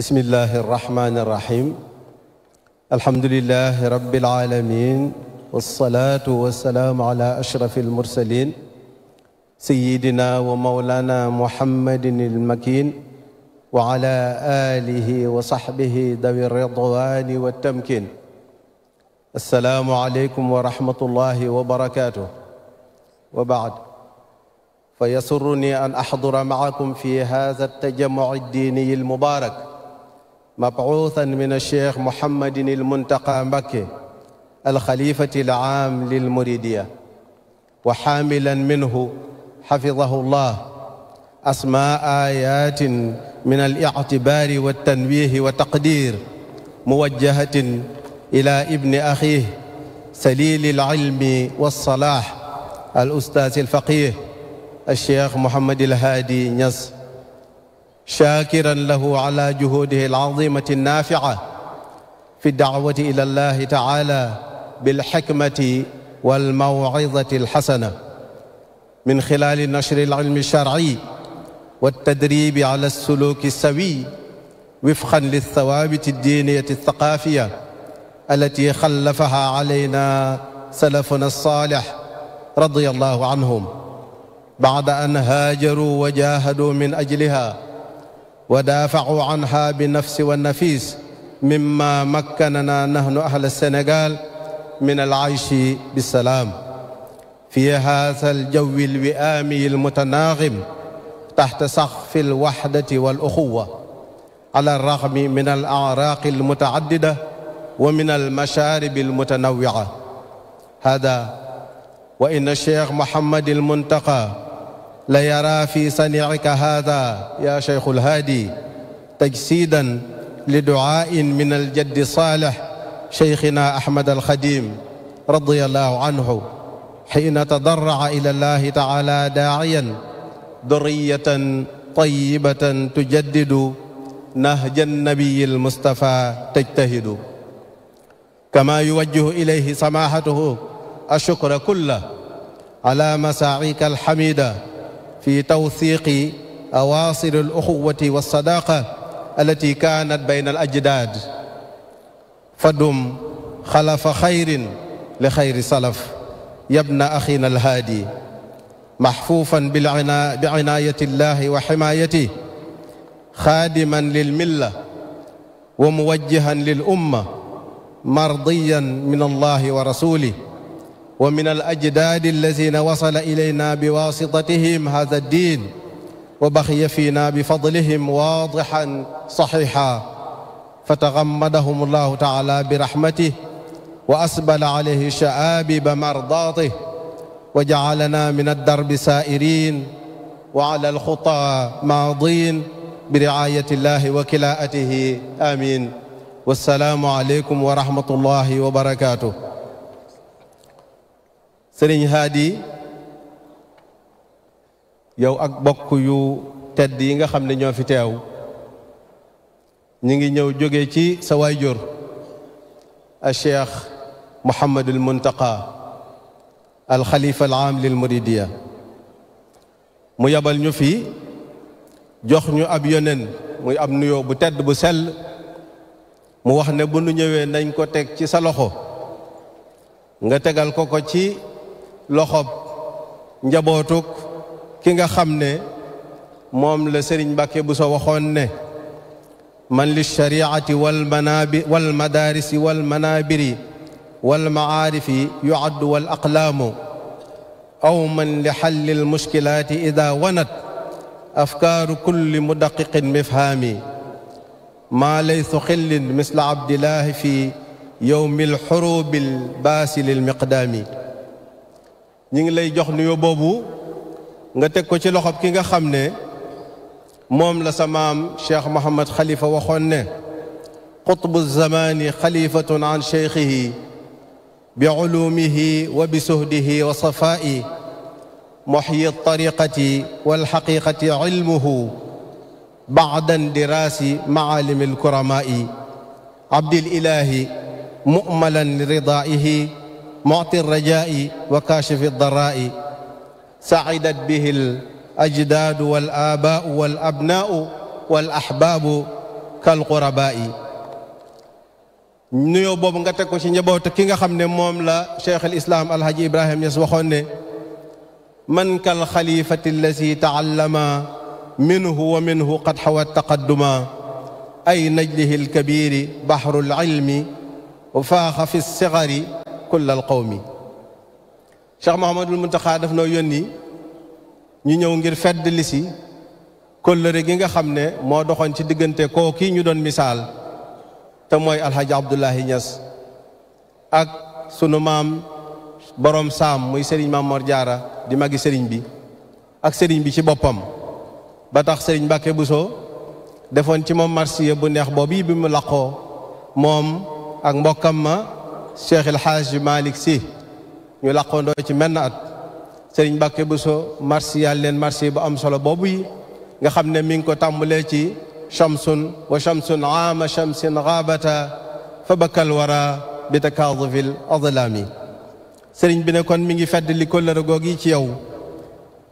بسم الله الرحمن الرحيم الحمد لله رب العالمين والصلاة والسلام على أشرف المرسلين سيدنا ومولانا محمد المكين وعلى آله وصحبه ذوي الرضوان والتمكين السلام عليكم ورحمة الله وبركاته وبعد فيسرني أن أحضر معكم في هذا التجمع الديني المبارك مبعوثا من الشيخ محمد المنتقى مكي الخليفة العام للمريدية وحاملا منه حفظه الله أسماء آيات من الاعتبار والتنويه وتقدير موجهة إلى ابن أخيه سليل العلم والصلاح الأستاذ الفقيه الشيخ محمد الهادي نصر شاكرا له على جهوده العظيمة النافعة في الدعوة إلى الله تعالى بالحكمة والموعظة الحسنة من خلال نشر العلم الشرعي والتدريب على السلوك السوي وفقا للثوابت الدينية الثقافية التي خلفها علينا سلفنا الصالح رضي الله عنهم بعد أن هاجروا وجاهدوا من أجلها ودافعوا عنها بالنفس والنفيس مما مكننا نحن أهل السنغال من العيش بالسلام في هذا الجو الوئامي المتناغم تحت سقف الوحدة والأخوة على الرغم من الأعراق المتعددة ومن المشارب المتنوعة هذا وإن الشيخ محمد المنتقى ليرى في صنيعك هذا يا شيخ الهادي تجسيدا لدعاء من الجد صالح شيخنا أحمد الخديم رضي الله عنه حين تضرع إلى الله تعالى داعيا ذرية طيبة تجدد نهج النبي المصطفى تجتهد كما يوجه إليه سماحته الشكر كله على مساعيك الحميده في توثيق أواصر الأخوة والصداقة التي كانت بين الأجداد فدم خلف خير لخير سلف يا ابن أخينا الهادي محفوفا بالعنا بعناية الله وحمايته خادما للملة وموجها للأمة مرضيا من الله ورسوله ومن الأجداد الذين وصل إلينا بواسطتهم هذا الدين وبقي فينا بفضلهم واضحا صحيحا فتغمدهم الله تعالى برحمته وأسبل عليه شآبب مرضاته وجعلنا من الدرب سائرين وعلى الخطى ماضين برعاية الله وكلاءته آمين والسلام عليكم ورحمة الله وبركاته sëriñ haadi yow ak bokk yu tedd yi nga xam ne ñoo fi teew ñi ngi ñëw jóge ci sa waajur a cheikh mohamadul muntaqa alxalifa al aam lil muridiya mu yabal ñu fi jox ñu ab yoneen muy ab nuyoo bu tedd bu sell mu wax ne bu nu ñëwee nañ ko teg ci sa loxo nga tegal ko ko ci loxob njabootuk ki nga xam ne moom la Serigne Mbacke Bousso waxoon ne man li shariati wal manabi wal madarisi wal manabiri wal maarifi yuaddu wal aqlaamu aw man li xalli al mushkilaati ida wanat afkaaru kulli mudaqiqin mifhaami maa laysu xillin misla abdillahi fi yowmi alxurubi albaasili almiqdaami ñi ngi lay jox nuyo boobu nga teg ko ci loxob ki nga xam ne moom la sa maam cheikh mohamad xalifa waxoon ne qutbu zamani xalifatun an cheikhihi bi ulumihi wa bi suhdihi wa safaa'i muxyi tariqati walxaqiqati ilmuhu بعد ndiraasi معالم الكرماء عبد الإله مؤملا لرضائه معطي الرجاء وكاشف الضراء سعدت به الأجداد والآباء والأبناء والأحباب كالقرباء نيو بوب nga tekko ci njabot ki nga xamne mom la cheikh al islam al haji ibrahim Niass waxone ne man kal khalifati allazi taallama minhu wa minhu qad hawa taqadduma ay najlihi al alkabiri bahru ilmi wa fa faaxa fi lsigari kullal qawmi Cheikh Mouhamadul Muntaxa def noo yónni ñu ñëw ngir fedd li si gi nga xam ne moo doxoon ci diggante koo kii ñu doon misaal te mooy alxaji Abdullahi Ñas ak sunu maam boroom saam muy sëriñ Maam Mor Jaara di magi sëriñ bi ak sëriñ bi ci boppam ba tax sëriñ Mbàkke Buso defoon ci moom marsiya bu neex boobu bi mu laqoo moom ak mbokkam ma الشيخ الحاج مالك سي Sy ñu laqoondoo ci menn at sëriñ Mbàkke مارسي marché yàlla leen marché nga xamne min ko tambule ci shamsun wa shamsun ama shamsin ghabata fa bakkal wara bi takaadufil adlaami sëriñ bi ne kon mi ngi fedd li kolere gogi ci yow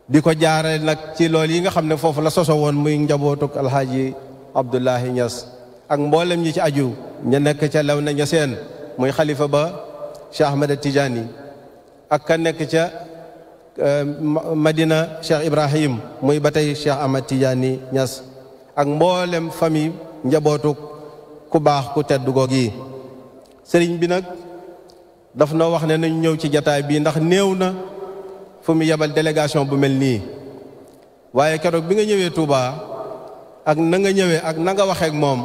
diko jaare nak ci lol yi nga xamne fofu la soso won muy njabotuk alhaji abdullah Ñas ak mbollem ñi ci aju ñe nek ci lew na muy xalifa ba Cheikh Ahmed Tidiane ak ka nekk ca Madina Cheikh Ibrahim muy ba tey Cheikh Ahmed Tidiane Niass ak mboolem famille njabootu ku baax ku tedd goog yi sëriñ bi nag daf noo wax ne nañ ñëw ci jataay bii ndax néew na fu mu yebal délégation bu mel nii waaye keroog bi nga ñëwee Touba ak na nga ñëwee ak na nga waxeek moom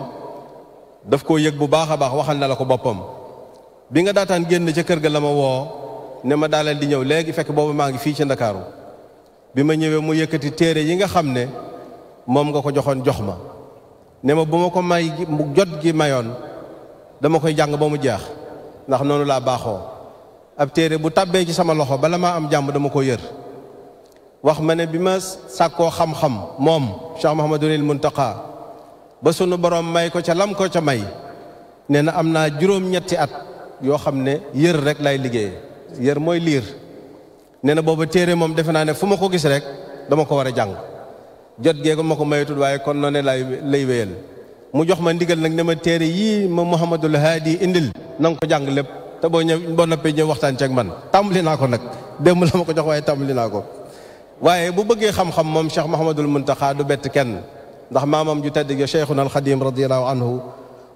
daf koo yëg bu baax a baax waxal na la ko boppam bi nga daatan génn ca kër ga la ma woo ne ma daalal di ñëw léegi fekk boobu maa ngi fii ci ndakaaru bi ma ñëwee mu yëkkati téere yi nga xam ne moom nga ko joxoon jox ma ne ma bu ma ko may mu jot gi mayoon dama koy jàng ba mu jeex ndax noonu laa baaxoo ab téere bu tàbbee ci sama loxo bala maa am jàmm dama ko yër wax ma ne bi ma sàkkoo xam-xam moom Cheikh nil Mountakha ba sunu borom may ko ca lam ko ca may nee na am naa juróom-ñetti at yoo xam ne yér rek lay liggéey yër mooy liir nee na booba téere moom defe naa ne fu ma ko gis rek dama ko war a jàng jot gee ko ma ko mayatul waaye kon noonu lay lay wéyal mu jox ma ndigal nag ne ma téere yii ma Muhammadul Haadi indil na ko jàng lépp te boo ñëw boo noppee ñëw waxtaan ceeg man tàmbali naa ko nag démb la ma ko jox waaye tàmbali naa ko waaye bu bëggee xam-xam moom Cheikh Muhammadul Muntaxa du bett kenn ndax maamam ju tedd gi Cheikhuna al Xadim radiyallahu anhu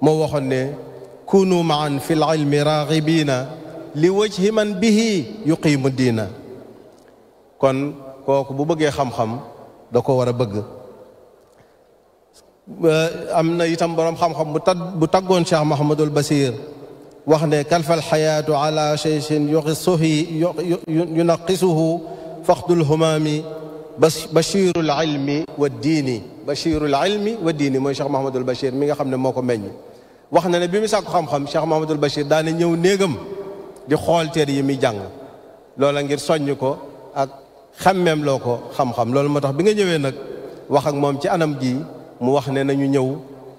moo كونوا معا في العلم راغبين لوجه من به يقيم الدين كون كوك بو بغي خام خام داكو ورا بغ امنا يتام بروم خام خام بو تاغون شيخ محمد البصير وخني كلف الحياه على شيء يغصه ينقصه فقد الهمام بشير العلم والدين بشير العلم والدين مو شيخ محمد البشير ميغا خامني موكو ميني wax na ne bi mu sàkku xam-xam Cheikh Mahamadul Bachir daane ñëw néegam di xool téere yi muy jàng loola ngir soññ ko ak xemmeem loo ko xam-xam loolu moo tax bi nga ñëwee nag wax ak moom ci anam gi mu wax ne nañu ñëw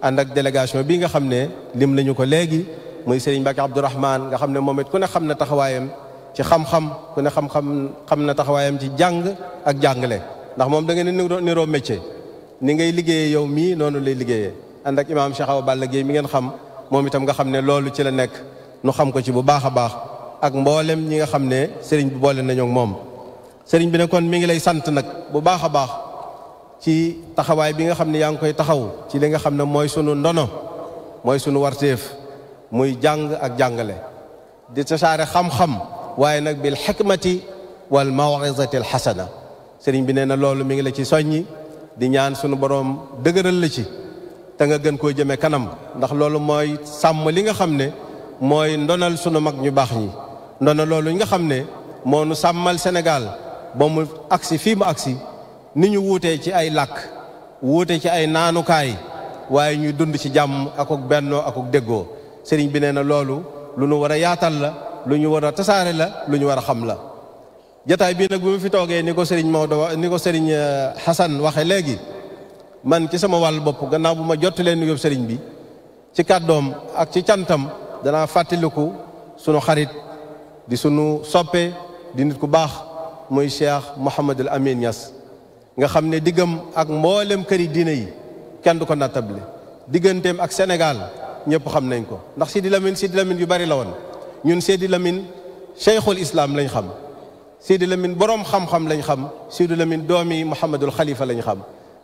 ànd ak délégation bii nga xam ne lim nañu ko léegi muy Serigne Mbacke Abdourahmane nga xam ne moom it ku ne xam na taxawaayam ci xam-xam ku ne xam-xam na taxawaayam ci jàng ak jàngale ndax moom da ngeen niroo métier ni ngay liggéeye yow mii noonu lay liggéeyee. ànd ak imaam Cheikh Awa Balla Gueye mi ngeen xam moom itam nga xam ne loolu ci la nekk nu xam ko ci bu baax a baax ak mboolem ñi nga xam ne sëriñ bi boole nañu ak moom. sëriñ bi ne kon mi ngi lay sant nag bu baax a ci taxawaay bi nga xam ne koy taxaw ci li nga xam ne sunu ndono mooy sunu warteef muy jàng ak jàngale di tasaare xam-xam waaye nag bil xikmati wal mawizati al xasana sëriñ bi nee na mi ngi la ci soññi di ñaan sunu borom dëgëral la ci. te nga gën koo jëmee kanam ndax loolu mooy sàmm li nga xam ne mooy ndonal sunu mag ñu baax ñi ndona loolu nga xam ne moo nu sàmmal Sénégal ba mu agsi fii mu agsi ni ñu wuutee ci ay làkk wuute ci ay naanukaay waaye ñuy dund ci jàmm ak akuk bennoo akuk déggoo sëriñ bi nee na loolu lu nu war a yaatal la lu ñu war a tasaare la lu ñu war a xam la jataay bii nag bi mu fi toogee ni ko sëriñ Maodo ni ko sëriñ eh, Xasan waxe léegi man ci sama wàllu bopp gannaaw bu ma jottalee nuyoo sëriñ bi ci kàddoom ak ci cantam danaa fàttaliku sunu xarit di sunu soppe di nit ku baax muy Cheikh mohammed al amin Niass nga xam ne diggam ak mboolem këri diine yi kenn du ko nattable digganteem ak Sénégal ñëpp xam nañ ko ndax Sidi Lamine Sidi Lamine yu bari la woon ñun Sidi Lamine cheikhul islam lañ xam Sidi Lamine borom xam-xam lañ xam Sidi Lamine doomi mohammedul Khalifa lañ xam.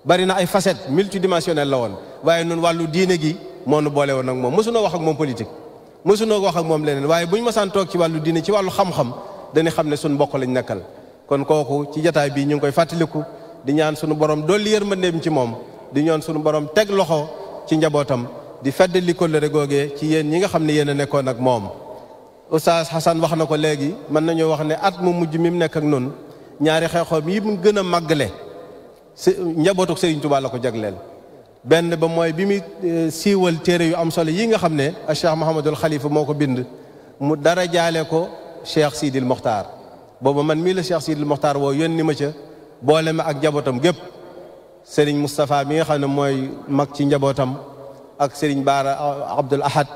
bari na ay facettes multidimensionnelles la woon waaye nun wàllu diine gi moo nu boole woon ak moom mosunoo wax ak moom politique mosunoo wax ak moom leneen waaye bu ñu masaan toog ci wàllu diine ci wàllu xam-xam dañuy xam ne suñu mbokk lañ nekkal kon kooku ci jataay bii ñu ngi koy fàttaliku di ñaan suñu borom dolli yërmandeem ci moom di ñaan suñu borom teg loxo ci njabootam di feddali kóllëre googee ci yéen ñi nga xam ne yéen a nekkoon ak moom Oustaz Hassane wax na ko léegi mën nañoo wax ne at mu mujj mi mu nekk ak noonu ñaari xeexoom yi mu gën a màggale njabootu Serigne Touba lako jaglel ben ba moy bimi siwal tere yu am solo yi nga xamne ne Cheikh Mouhamadul Khalifa moko bind mu dara jale ko Cheikh Sidil Mokhtar bobu man mi le Cheikh Sidil Mokhtar wo yónni ma ca bolema ak njabootam gep Serigne Moustapha mi nga xam ne mooy ci njabootam ak Serigne bara abdul Ahad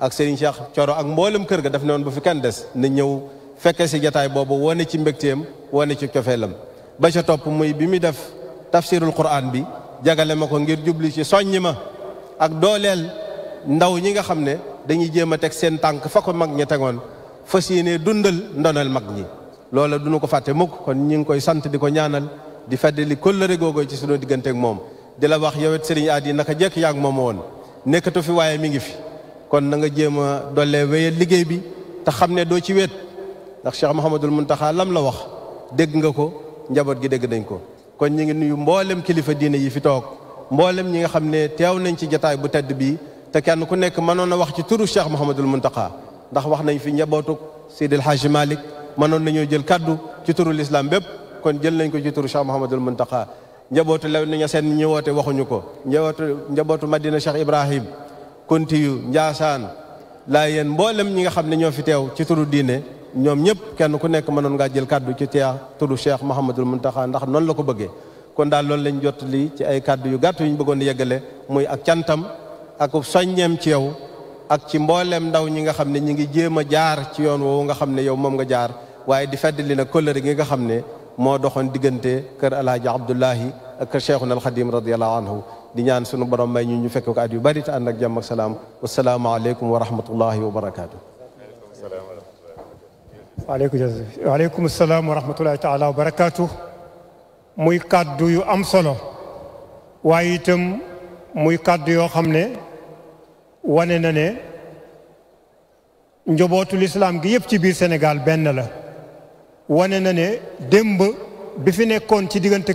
ak Serigne Cheikh Coro ak mbolam keur ga daf neewon bu fi kenn dess ni ñëw fekke ci jotaay bobu woné ci mbektem woné ci cofeelam ba ca top muy bi muy def. tafsirul quraan bi jagale ma ko ngir jubli ci soññ ma ak dooleel ndaw ñi nga xam ne dañuy jéem a teg seen tànk fa ko mag ñi tegoon fas yéene dundal ndonal mag ñi loola duñu ko fàtte mukk kon ñi ngi koy sant di ko ñaanal di feddali kóllëre googu ci sunu diggante ak moom di la wax yow it sëriñ aadi naka jekk yaa ak moom woon nekkatu fi waaye mi ngi fi kon na nga jéem a dollee wéyal liggéey bi te xam ne doo ci wéet ndax Cheikh Mouhamadul Muntaxa lam la wax dégg nga ko njaboot gi dégg nañ ko kon ñi ngi nuyu mbollem kilifa diine yi fi tok mbollem ñi nga xamne ne teew nañ ci jotaay bu tedd bi te kenn ku nekk mënoon a wax ci turu Cheikh mohammedul Muntaqa ndax wax nañ fi njabotuk sidil Hadji malik manon nañu jël kaddu ci turu l'islam bépp kon jël nañ ko ci turu Cheikh Mouhamadul Muntaqa njabootu lew nañu seen ñi wote waxuñu ko njabotu njabotu Madina Cheikh Ibrahim kontiyu njaasan la yéen mbollem ñi nga xamne ne ñoo fi teew ci turu diine ñom ñep kenn ku nekk mënoon nga jël kàddu ci tia tudu Cheikh Mouhamadul muntaha ndax non la ko bëgge kon daal loolu lañ jot li ci ay kàddu yu gàtt yu ñu bëggoon yeggale muy ak cantam ak soññeem ci yow ak ci mbooleem ndaw ñi nga xam ne ñi ngi jéem a jaar ci yoon woowu nga xam ne yow moom nga jaar waaye di li na kóllëre gi nga xam ne moo doxoon diggante kër alhaji Abdullahi ak kër Cheikhuna Alxadim radiyallahu anhu di ñaan sunu borom may ñu ñu fekk ko at yu bari te ànd ak jàmm ak salaam wasalaamu alaykum wa rahmatullahi wa barakatuh وعليكم السلام ورحمة الله تعالى وبركاته موي كادو يو أم صلو وايتم موي كادو يو خمني وانيناني njobootu l'islam gi yépp ci biir sénégal benn la wane na ne démb bi fi nekkoon ci diggante